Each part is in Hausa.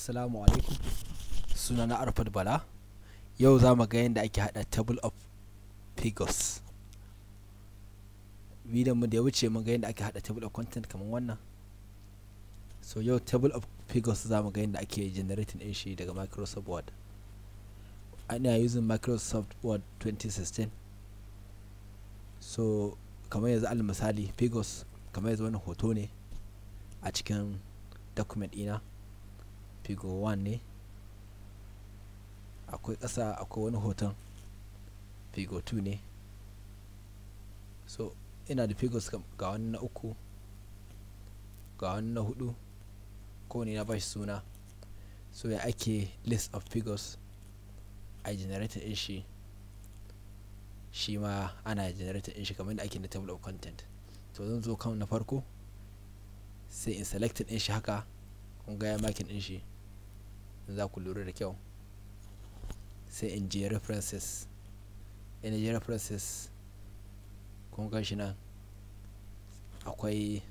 assalamu alaikum suna na arfad bala yau za mu ga yadda ake hada table of figures video mu da ya wuce mun ga yadda ake hada table of content kamar wannan so yau table of figures za mu ga yadda ake generating din shi daga microsoft word ana using microsoft word 2016 so kamar yanzu al misali figures kamar yanzu wani hoto ne a cikin document ina figo 1 ne akwai ƙasa akwai wani hoton figo 2 ne so ina da figures ga wani na uku ga wani na hudu kowane na bashi suna so ya ake list of figures a generator din shi shi ma ana generator din shi kamar da ake na table of content to zan zo kan na farko sai in selected din shi haka kun ga ya makin din shi za ku lura da kyau sai in je references in je references kun kan shi nan akwai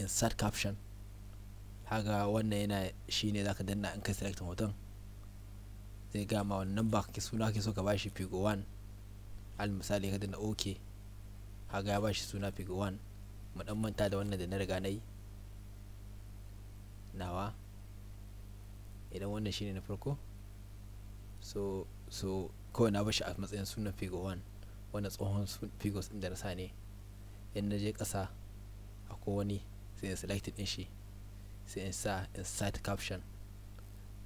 insert caption haga wannan yana shi ne za ka danna in ka select hoton zai gama wannan ba ka suna ke so ka bashi figo 1 al misali ka danna ok haga ya bashi suna figo 1 mu dan manta da wannan da na riga na yi nawa idan wannan shine na farko so so kawai na bashi a matsayin sunan figure 1 wanda tsohon figures din da na sa ne in na je ƙasa akwai wani sai in select din shi sai in sa insert caption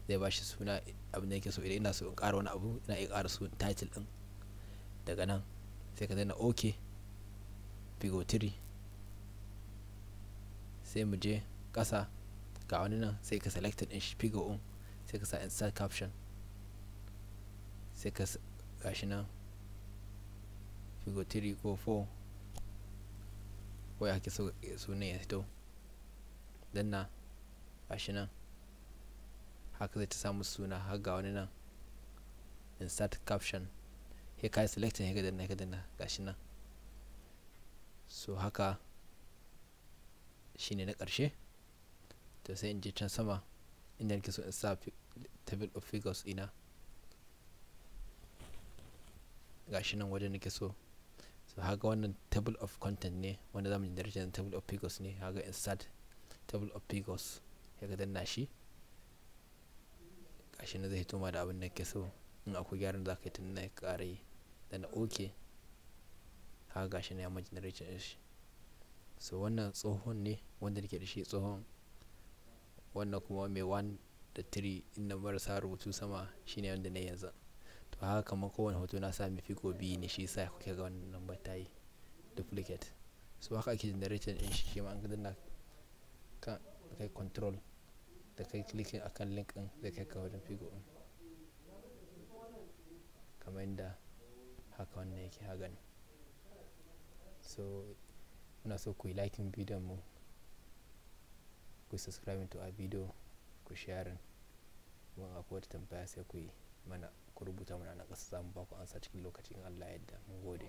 zai bashi suna abin da yake so idan ina so in ƙara wani abu ina iya ƙara su title din daga nan sai ka na ok figure 3 sai mu je ƙasa ga wani nan sai ka select din shi figure 1 sai ka sa insert caption sai ka gashi nan figure 3 ko 4 ko ya ke so sunan ya fito danna gashi nan haka zai ta samu suna har ga wani nan insert caption sai kai yi selecting sai ka danna sai gashi nan so haka shine na karshe to sai in je can sama inda nake so in sa table of figures ina gashi nan wajen nake so so haga wannan table of content ne wanda zamu generate table of figures ne haga insert table of figures ya ga danna shi gashi na zai hito ma da abin da ke so in akwai gyaran da zaka yi tun na kare yi da na ok haka gashi na yamma generation shi so wannan tsohon ne wanda nake da shi tsohon wannan kuma mai 1 da 3 inda marasa rubutu sama shine wanda na yanzu to haka kamar kowane hoto na sami fiko biyu ne shi sa kuke ga wannan number ta yi duplicate so haka ake generating din shi ma an ga na kan kai control da kai clicking akan link din da kai ka wajen fiko din kamar inda haka wannan yake hagan so muna so ku yi liking bidiyon mu ku subscribing to a video ku sharing kuma akwai wata tambaya sai ku yi mana ku rubuta mana na ƙasa za mu ba ku ansa cikin lokacin Allah yadda mun gode